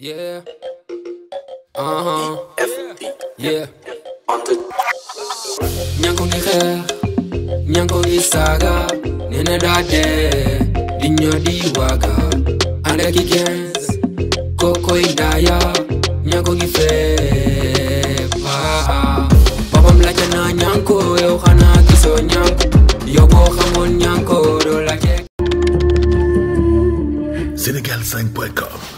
Yeah. Uh huh. Yeah. Nyanko ni khe, nyanko ni saga, nene dade, dinyo di waga, ande ki koko indaya, nyango ni pa. Papa mlacha na nyango, eo khana kiso nyanko, yobo khamon nyango, do lache. Sénégal5.com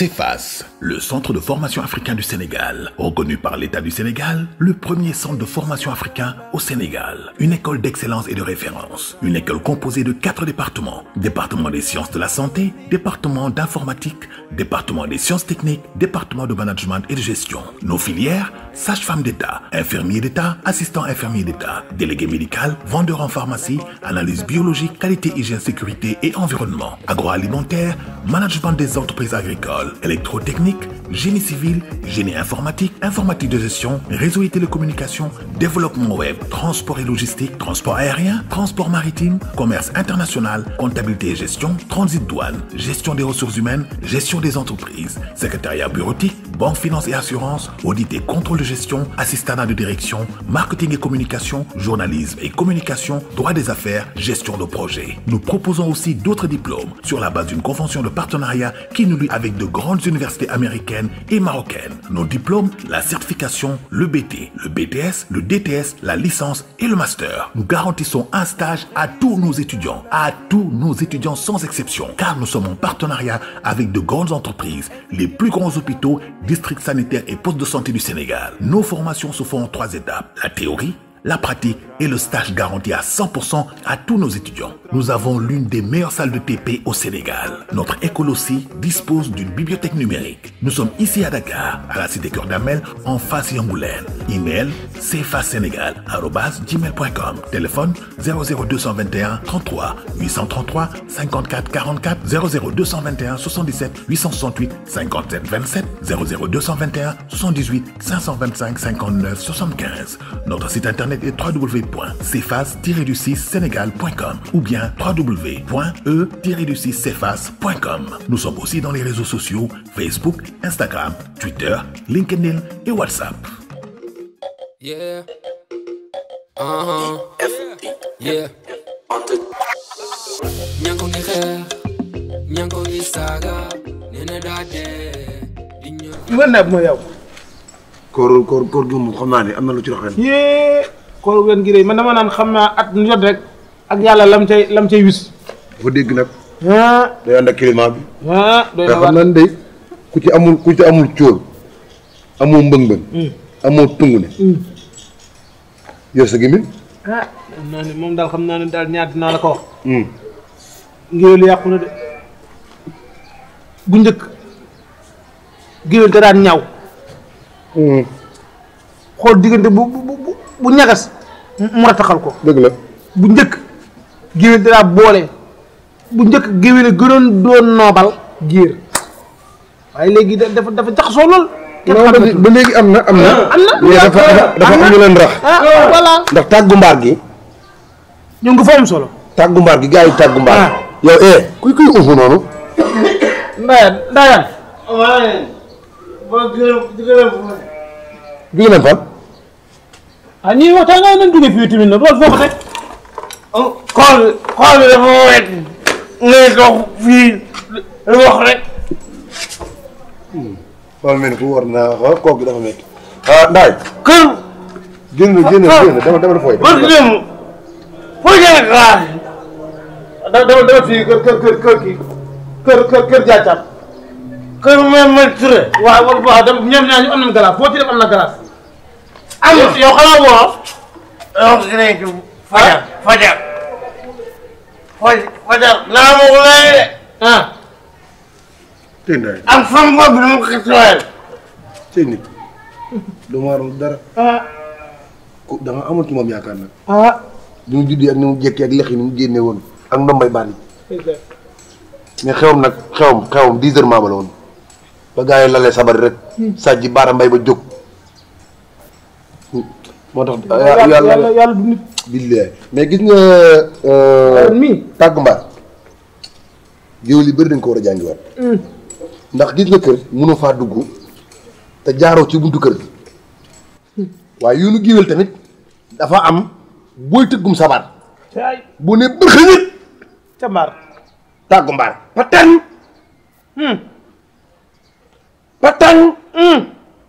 CEFAS, le centre de formation africain du Sénégal, reconnu par l'État du Sénégal, le premier centre de formation africain au Sénégal, une école d'excellence et de référence, une école composée de quatre départements, département des sciences de la santé, département d'informatique, département des sciences techniques, département de management et de gestion. Nos filières sage-femme d'État, infirmier d'État, assistant infirmier d'État, délégué médical, vendeur en pharmacie, analyse biologique, qualité, hygiène, sécurité et environnement, agroalimentaire, management des entreprises agricoles, électrotechnique, génie civil, génie informatique, informatique de gestion, réseau et télécommunications, développement web, transport et logistique, transport aérien, transport maritime, commerce international, comptabilité et gestion, transit douane, gestion des ressources humaines, gestion des entreprises, secrétariat bureautique, banque, finance et assurance, audit et contrôle de gestion, Assistantat de direction, marketing et communication, journalisme et communication, droit des affaires, gestion de projet. Nous proposons aussi d'autres diplômes sur la base d'une convention de partenariat qui nous lie avec de grandes universités américaines et marocaines. Nos diplômes, la certification, le BT, le BTS, le DTS, la licence et le master. Nous garantissons un stage à tous nos étudiants, à tous nos étudiants sans exception, car nous sommes en partenariat avec de grandes entreprises, les plus grands hôpitaux, District sanitaire et poste de santé du Sénégal. Nos formations se font en trois étapes. La théorie, la pratique et le stage garantis à 100% à tous nos étudiants. Nous avons l'une des meilleures salles de TP au Sénégal. Notre école aussi dispose d'une bibliothèque numérique. Nous sommes ici à Dakar, à la cité Cœur d'Amel, en face Yangoulène. Email cfasénégal.com. Téléphone 00221 33 833 54 44 00221 77 868 57 27 00221 78 525 59 75. Notre site internet internet et wwwcefas du 6 senegalcom ou bien www.e-du6cefas.com. Nous sommes aussi dans les réseaux sociaux Facebook, Instagram, Twitter, LinkedIn et WhatsApp. Yeah. Uh -huh. E yeah. mën naa bu ma yow. koor koor koor gi moom xam naa ne am na lu ci doxal. Yeah. ko wen gi rëy man dama naan xam naa at jot rek ak yàlla lam cay lam cay wis. dafa dégg nag. ah day ànd bi. ah xam naa day ku ci amul ku ci amul cóol amoo mbëng-mbëng. Hmm. amoo tungu ne. Hmm. yow sa gémmiñ. ah moom daal xam naa ne daal ñaar dinaa la ko wax. Hmm. ngéwél yàqu na de bu njëkk géwél da daan ñaw. xool diggante bu bu bu ñagas mu rataxal ko deug la bu ñëk giwel dara boole bu ñëk giwel gënon do nobal giir waye legi dafa dafa taxso lol ba legi amna amna ah, mais dafa dafa am ñu leen rax ah, voilà ndax taggu mbar gi ñu ngi foom solo taggu mbar gi gaay taggu mbar ah. yow eh kuy kuy ufu nonu mbay dayan waye ba gëreum gëreum gëreum fa a ah, ñuy waxtaan nga nañ jóge fii tamit nag loolu foo ko teg. Oh, xool fii lu wax rek. Hmm. xool mel ni ku war naa xool kooku dafa métti. ah Ndaye. kër. génn ah, génn ah. génn dama dama fooy. bëgg dem fooy jëlee dama fii kër kër kër kër kii kër kër kër jaacaat. kër Mame Mame Touré. waaw waaw dem ñoom ñaar ñu am nañu galaas boo ci def na galaas. am yow xanaa woo. yow dinañ ko fajar fajar. naa ma ko lay de. ah. ak fan boobu bi dama ko xëcc ci nit du ma dara. ah. ku da nga amul ci moom yaakaar nag. ah. ni mu juddee ak ni mu lex yi mu génne woon ak ndombay bànn nag xewam xewam dix heures maa ba la woon. ba gars yi lalee sabari rek. Hmm. sàjji baara mbay ba jóg. moo tax yàlla yàlla du nit. billaay mais gis nga. Euh, mi tàgg mbaar. géwél yi bari dañ ko war a jàngiwaat. Mm. ndax gis nga kër mënoo faa dugg te jaaroo ci buntu kër gi. Hmm. waaye yoonu géwél tamit dafa am booy tëggum sabar. bu ne bërxëñit. ca mbaar. tàggu mbaar. patan. patan. Hmm.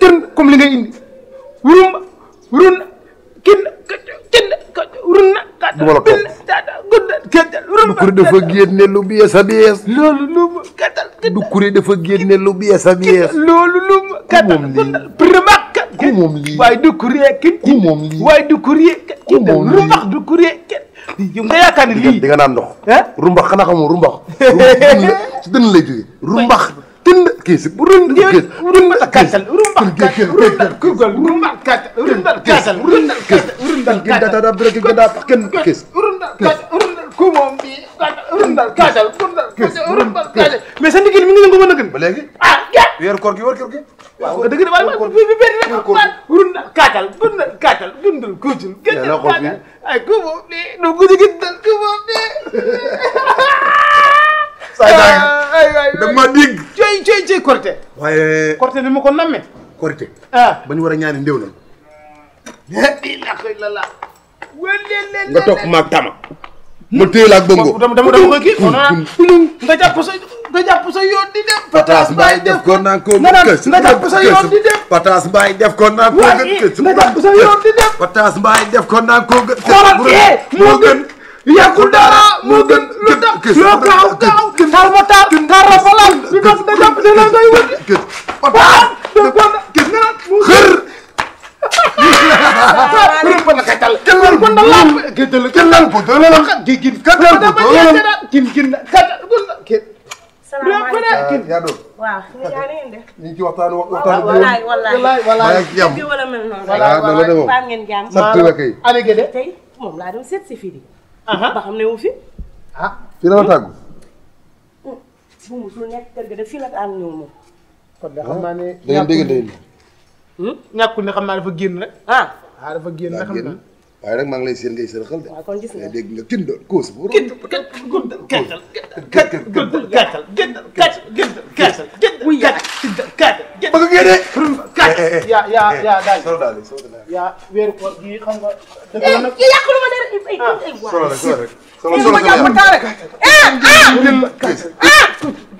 tërn comme li ngay indi wurum run kin kin run na. du ma la topp du kuri dafa génne lu bees a bees. loolu lu mu gàttal du kuri dafa génne lu bees a bees. loolu lu mu gàttal ku moom lii waaye du kuri kin ku moom lii waaye du kuri kin rumbax du kuri yow nga yaakaar ne lii di nga naan ndox. rumbax xanaa xamul rumbax. si dënn lay jógee rumbax. tënd kii si bu rënd. kii si bu rënd mais sa ndigël mi ngi nangu ma nëgën ba léegi ah gerte weeru koor gi weeru koor gi waaw nga dëgg de waaye bi bi benn rek rundal kaatal rundal kaatal dundal kuujul gënal kaatal ay ku moom bi no gudu gi dal ku moom bi say da ay ay da ma dig cey cey cey korte waaye korte ni ma ko namme korité ah. ba ñu war a ñaani ndéw na nga toog maag tama ma téye la ak bëngo dama dama kii nga jàpp sa yoon di dem pataas mbaay def ko naan ko ko ko kës nga jàpp sa yoon di dem pataas mbaay def ko naan ko kës xoolal kii eh, moo gën yàqu dara moo gën lu tax loo gaaw gaaw xar ba taal xar ba laal bi nga jàpp sa gis nga xër. Perempuan kacal. Kelar pun dalam. Gitu loh. Kelar bodoh loh. Gigin kacal bodoh. Gin gin kacal. Salaamaaleykum yaa doon. waaw ñu ngi ci waxtaan waxtaan bi. wallaay wallaay wallaay jàmm wala mel noonu. waaw dama ne moom ngeen jàmm. sant la kay. Aliou Guède tey moom laa dem seet si fii di. Ah. ba xam ne wu fi. ah fi la ma tàggu. bu musul nekk kër ga de fii la daan ñëw moom. kon de xam naa ne. da ngeen dégg dégg. ñàkkul ne xam naa dafa génn rek. ah ah dafa génn rek xam naa. waaye nag maa ngi lay seen ngay sërxal de. waaw kon gis nga dégg nga kin doon cause bu. kin kin gëndal gëndal gëndal gëndal gëndal gëndal gëndal gëndal gëndal wuy yaa gëndal ba nga génnee. yaa yaa yaa daal soo daal soo daal yaa weeru koor gi xam nga. dëgg la nag eh yàqu lu ma dara ay ay waa. solo rek solo rek solo solo solo yàlla ah ah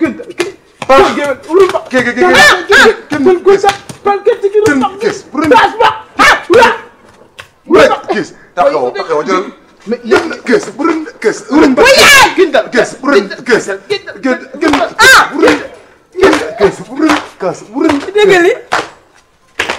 gëndal gëndal waaw géwél wul ba kii kii kii kii man kuy sax man kenn ci kii la sax gis taas ba ah wula wula gis taxaw taxaw jëlal mais yéen gis bu rën gis rën ba gindal gis bu rën gis gindal gindal ah bu rën gis bu rën gis bu rën dégg li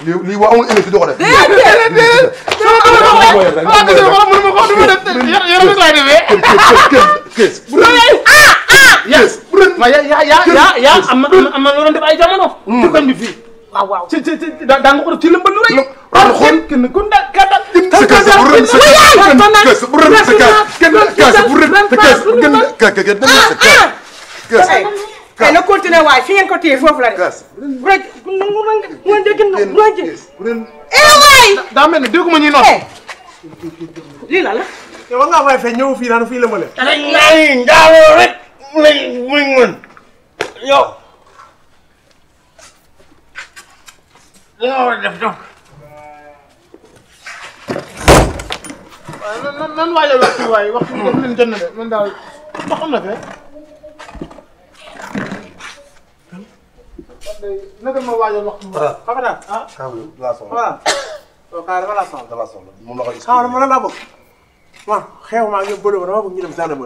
li li waa amul énergie doo ko def déedéet déedéet sama ko ko mënuma ko duma def yaram laay defee gis bu rën ah ah yes waaw yaa yaa yaa yaa am na am na loo doon def ay jamono. ci koñ bi fii. waaw waaw ci ci ci daa nga ko def ci lëmbal lu rëy. waaw xool kenn ku nekk kat. sa kaas bu rëy sa kaas bu rëy sa kaas bu rëy sa kaas bu rëy sa kaas bu rëy sa kaas kay na continuer waay fi ngeen ko téye foofu la de. bu rëy mu mu dégg nga mu rëcc. eh waay. daa mel ni dégguma ñuy noonu. lii la la. te war ngaa fay fay ñëw fii daanu fii lëmbale. da ngay ñaari njaaru rek. mình mình mình vô rồi đập trong nan nan nan waajal waxtu bi waaye waxtu bi daf leen jënd de man daal taxoon na fee. naka ma waajal waxtu bi. voilà xam nga daal ah. xam nga laa soxla voilà. waaw Kaare ma laa soxla. dama soxla moom la ko. Kaare ma lan laa bëgg. waaw xew maa ngi bëri ma dama bëgg ñu dem Saalum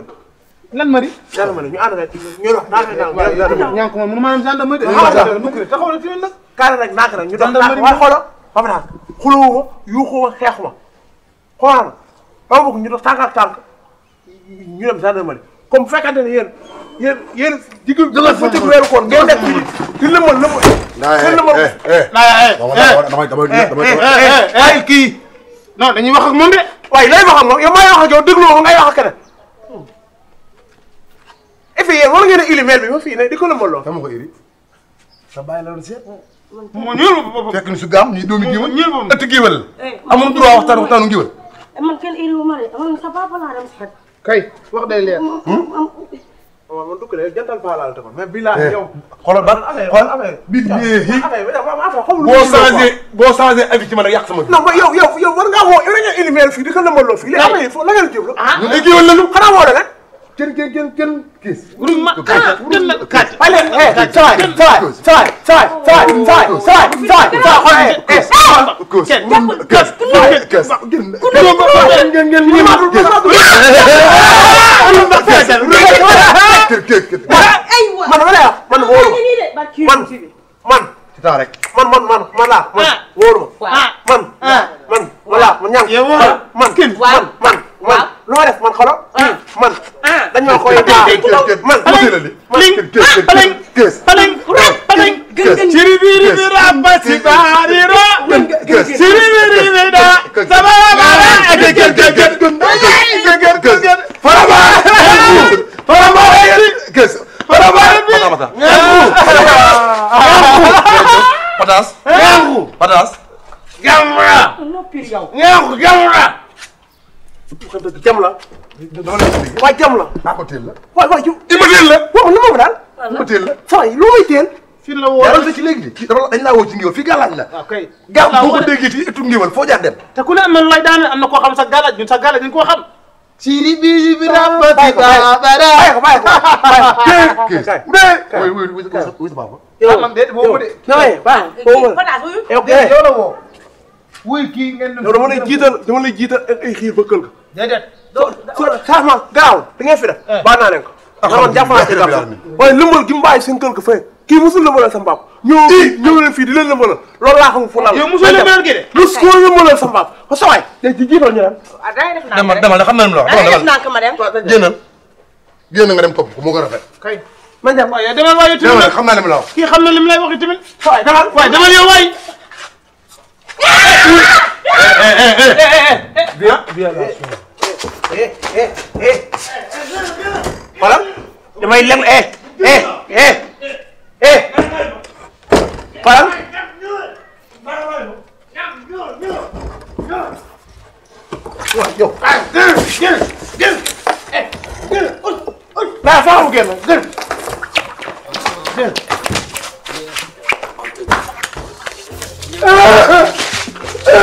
lan mari lan mari ñu ànd rek ñu wax naa ko ñaan ko moom maanaam gendarmerie de taxaw na tamit nag kaara rek naaka rek ñu doon waaye xolo ba fa xuloo yuuxoo xeexuma xoolal ba bokk ñu dox tànk ak tànk ñu dem gendarmerie comme fekkante ne yéen yéen yéen digg dama fa tëgg weeru koor ngeen nekk di lëmmal lëmmal ngeen lëmmal damay damay damay kii non dañuy wax ak moom de waaye lay wax ak moom yow maay wax ak yow dégloo ko ngay wax ak keneen fii yéen war ngeen a ili mel bi ba fii ne di ko lëmbaloo. dama ko iri sa bàyyi la seet. moo ñëwul boppam fekk ni su gaam ñuy doomi giwal ñëwul boppam ëtt giwal la. Eh, amul droit waxtaan waxtaanu giwal. Eh, man kenn iri wu ma de man sa papa laa dem seet. kay wax day leer. waaw mm, hmm? mm, mm. oh, man dugg de jantal paa laal mais bi laa eh, yow. xoolal ba xool bi boo changé boo changé avis ci man yàq sama. non mais yow yow yow war ngaa woo yow dañoo indi meel fii di ko lëmbaloo fii. léegi la ngeen jublu. ah ñu ngi jiwoon lañu xanaa woo la nag. kenn kenn kenn kenn gis. ma ah kenn nag kàcc. allez sawaay sawaay sawaay sawaay sawaay sawaay sawaay xoolal man man man man dañoo koy man patas patas gamra noppi yow xam dëgg jam la. dama la dégg waaye jam la. maa ko teel la. waay waay ju. i ma teel la. waaw man ma daal. i ma teel la. saa yi lu may teel. fii la woo la la waaw kay gaaw boo ko déggee ci ëttu ngéwal foo dem te ku ne am na lay daane am na koo xam sax gàllaaj ñun sax gàllaaj dañ koo xam siri bi bi rabati babara ay bay ko bay ko mais woy woy woy ko man de bo mo de wuy kii ngeen ne. dama lay jiital dama lay jiital ak ay xiir ba kël ko. déedéet donc xaaral gaaw da ngeen fi def. Eh. baax naa leen ko. alhamdulilah man jàpp naa waaye lëmbal gi mu bàyyi seen kël ko fay kii mosul lëmbalal sa mbaam. ñëw ñëw leen fii di leen lëmbalal loolu laa xamul fu la. yow mosul lëmbalal gi de. mosul ko lëmbalal sa mbaam ba sa waay. tey jii jiital ñu naan. dama dama xam ma wax. dama man de waaye demal waaye. yow tamit demal li mu la a kii xam na li mu Viens, viens là. Eh, eh, eh. Voilà. Demain il l'aime. Eh, eh, eh. Eh. Voilà. Yo. Nah, follow again, man. Good. Good. Ah!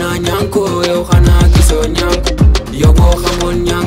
xanaa ñànk yow xanaa gisoo ñànk yow boo xamoon ñànk